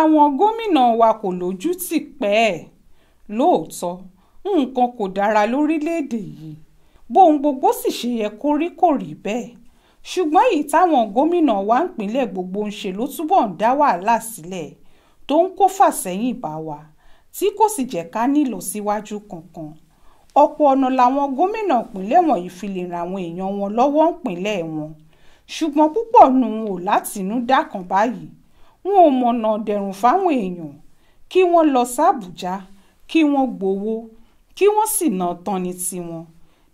àwọn gómìnà wa kò lójú tì pẹ́ẹ́ lóòótọ́ nǹkan kò dára lórílẹ̀‐èdè yìí bóun gbogbo sì ṣe yẹ kó rí kò rí bẹ́ẹ̀ ṣùgbọ́n èyí táwọn gómìnà wa ìpínlẹ̀ gbogbo ń ṣe ló túbọ̀ ń dá wàhálà sílẹ̀ tó ń kó fàsẹ́yìn bá wa tí kò sì jẹ́ ká ní ìlọsíwájú kankan ọ̀pọ̀ ọ̀nà làwọn gómìnà ìpínlẹ̀ wọ̀nyí fi lè ran àwọn èèyàn wọn lọ́wọ́ ìpínlẹ̀ wọn ṣùgbọ́n púpọ̀ nù ún ò látinúdá kan báyìí wọn ò mọ̀nà dẹ̀rùn fáwọn èèyàn kí wọ́n lọ sàbújá kí wọ́n gbowó kí wọ́n sì ná tán ní tiwọn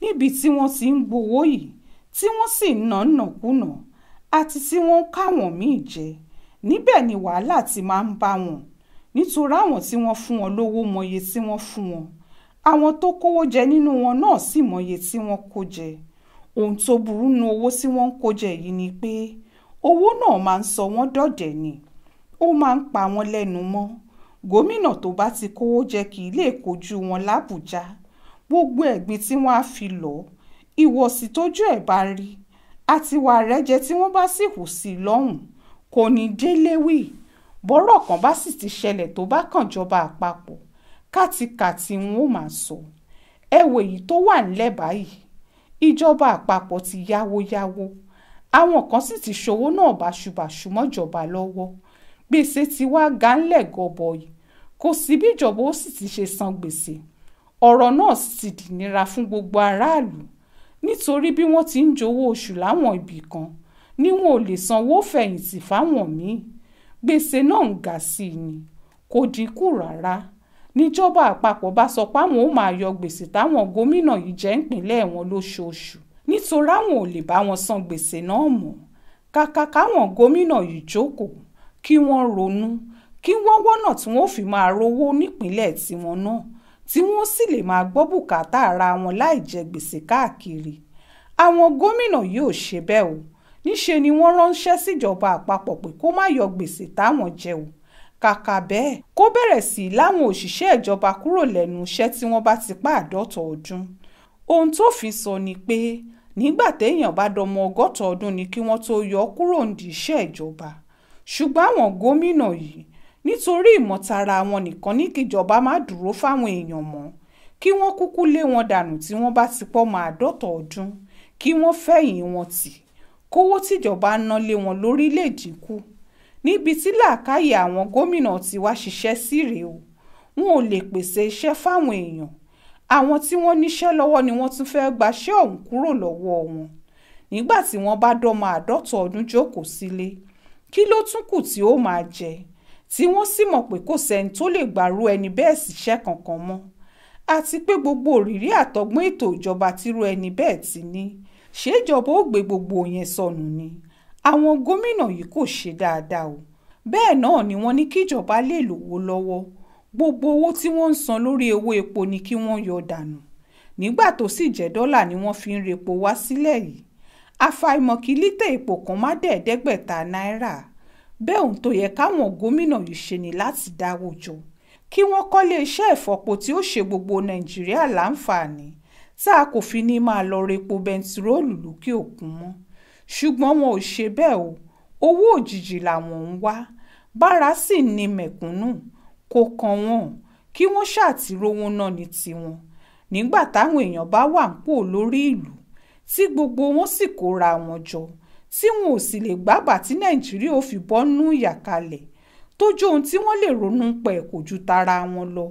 níbi tí wọ́n ti ń gbowó yìí tí wọ́n sì ń ná nàkúnà àti tí wọ́n ń káwọn míì jẹ níbẹ̀ ni wàhálà ti máa ń bá wọn nítorí àwọn tí wọ́n fún wọn lówó mọye tí wọ́n fún wọn àwọn tó kówó jẹ nínú wọn náà sì mọye tí wọ́n kó jẹ ohun tó burú nu owó tí wọ́n ń kó jẹ yìí ni pé owó náà máa ń sọ wọ́n dọ̀dẹ̀ ni ó máa ń pa wọ́n lẹ́nu mọ́ gómìnà tó bá ti kówó jẹ kì í lè kojú wọn lábùjá gbogbo ẹ̀gbin tí wọ́n á fi lọ ìwọ̀sí tójú ẹ̀ bá rí àtiwà rẹ́jẹ tí wọ́n bá sì hù sí lọ́hùn kò ní délé wì bọ́rọ̀ kan bá sì ti ṣẹlẹ̀ tó bá kàn jọba àpapọ̀ kátikàti wọn ò máa sọ ẹ wo èyí tó wà nílẹ̀ báyìí ìjọba àpapọ̀ ti yáwó yáwó àwọn kan sì ti ṣòwò náà báṣubàṣu mọ́jọba lọ́wọ́ gbèsè tí wàá ga ńlẹ̀ gọbọi kò sí bí ìjọba ó sì ti ṣe san gbèsè ọ̀rọ̀ náà sì ti dìnira fún gbogbo aráàlú nítorí bí wọ́n ti ń jowó oṣù láwọn ibì kan ni wọn ò lè sanwó fẹ̀yìntì fáwọn míì gbèsè náà ń ga sí i ni kò dínkù rárá níjọba àpapọ̀ bá sọ páwọn ó máa yọ gbèsè táwọn gómìnà yìí jẹ́ ìpínlẹ̀ wọn lóṣooṣù nítorí àwọn ò lè bá wọn san gbèsè náà mọ́ kàkà káwọn gómìnà yìí jókòó kí wọ́n ronú kí wọ́n wọ́nà tí wọ́n fi máa rówó nípínlẹ̀ tiwọn náà tí wọ́n sì lè máa gbọ́ bùkátà ara wọn láì jẹ gbèsè káàkiri àwọn gómìnà yóò ṣe bẹ́ẹ̀ o níṣe ni wọ́n ránṣẹ́ síjọba àpapọ̀ pé kó má yọ gbèsè táwọn jẹ o kàkà bẹ́ẹ̀ kó bẹ̀rẹ̀ sí í láwọn òṣìṣẹ́ ìjọba kúrò lẹ́nu iṣẹ́ tí wọ́n bá ti pa àádọ́ta ọdún ohun tó fi sọ ni pé nígbà téèyàn bá dọmọ ọgọ́ta ọdún ni kí wọ́n tó yọ kúrò nídìí iṣẹ́ ìjọba ṣùgbọ́n àwọn gómìnà yìí nítorí ìmọ̀tara wọn nìkan ní kíjọba má dúró fáwọn èèyàn mọ́ kí wọ́n kúkú lé wọn dànù tí wọ́n bá ti pọ́ máa dọ́tọ̀ ọdún kí wọ́n fẹ̀yìn wọn tì kówó tìjọba ná lé wọn lórí lè dínkù níbi tí làákàyè àwọn gómìnà ti wá ṣiṣẹ́ sí rèé o wọn ò lè pèsè iṣẹ́ fáwọn èèyàn àwọn tí wọ́n níṣẹ́ lọ́wọ́ ni wọ́n tún fẹ́ẹ́ gbaṣẹ́ ọ̀hún kúrò lọ́wọ́ wọn nígbà tí wọ́n bá dọ́mọ àádọ́ta ọdún jókòó sílé si kí ló tún kù tí ó máa jẹ tí wọ́n sì mọ̀ pé kò sẹ́ni tó lè gbàrú ẹni bẹ́ẹ̀ síṣẹ́ kankan mọ́ àti pé gbogbo òrírí àtọgbọ́n ètò ìjọba tírú ẹni bẹ́ẹ̀ ti ní ṣèjọba ó gbé gbogbo yẹn sọnù ni àwọn gómìnà yìí kò ṣe dáadáa o bẹ́ẹ̀ náà ni wọ́n ní kíjọba lè lówó lọ́wọ́ gbogbo owó tí wọ́n ń san lórí owó epo ni kí wọ́n yọ dànù nígbà tó sì jẹ́ dọ́là ni wọ́n fi ń repo wá sílẹ̀ yìí àfàìmọ̀ kí lítà epo kan má dẹ̀ẹ́dẹ́gbẹ̀ta náírà bẹ́ẹ̀ ohun tó yẹ káwọn gómìnà yìí ṣe ni láti dáwó jọ kí wọ́n kọ́lé iṣẹ́ ìfọpo tí ó ṣe gbogbo nàìjíríà láǹfààní tá a kò fi ní máa lọ repo bẹntiróòlù lókè òkun mọ́ ṣùgbọ́n wọn ò ṣe bẹ́ẹ̀ o owó òjijì làwọn ń wá bára sì ní mẹ̀kúnnù kò kàn wọ́n kí wọ́n ṣàtìrówó náà ní tiwọn nígbà táwọn èèyàn bá wà ń pò lórí ìlú tí gbogbo wọn sì kóra wọn jọ tí wọn ò sì lè gbábà tí nàìjíríà ò fi bọ́nú ìyàkalẹ̀ tó jó ohun tí wọ́n lè ronú pẹ̀ kò ju tara wọn lọ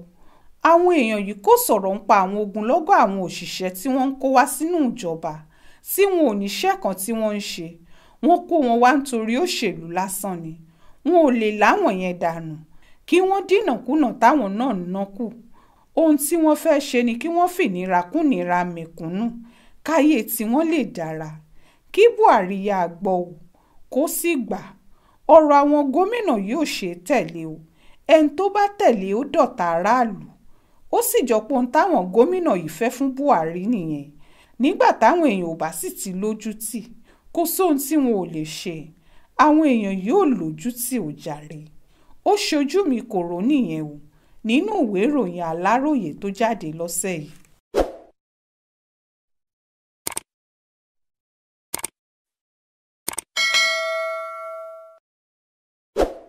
àwọn èèyàn yìí kò sọ̀rọ̀ ń pa àwọn ogunlọ́gọ̀ àwọn òṣìṣẹ́ tí wọ́n ń kó wá sínú ìjọba tí wọn ò níṣẹ́ kan tí wọ́n ń ṣe wọ́n kó wọn wá nítorí òṣèlú lásán ni wọn ò lè láwọn yẹn dànù kí wọ́n dínàkúnà táwọn náà ń ná ohun tí wọ́n fẹ́ ṣe ni kí wọ́n fìnira kúnira mẹ̀kúnnù káyé tiwọn lè dára kí buhari yáa gbọ́ ọ kó sì gbà ọ̀rọ̀ àwọn gómìnà yóò ṣe tẹ̀lé o ẹni tó bá tẹ̀lé ó dọ̀tá aráàlú ó sì jọ pé ohun táwọn gómìnà yìí fẹ́ fún buhari nìyẹn nígbà táwọn èèyàn ò bá sì ti lójú tì kó sóhun tí wọn ò lè ṣe àwọn èèyàn yóò lójú tì ó jàre ó ṣojú mi kò rò nìyẹn o nínú ìwé ìròyìn aláròye tó jáde lọ́sẹ̀ yìí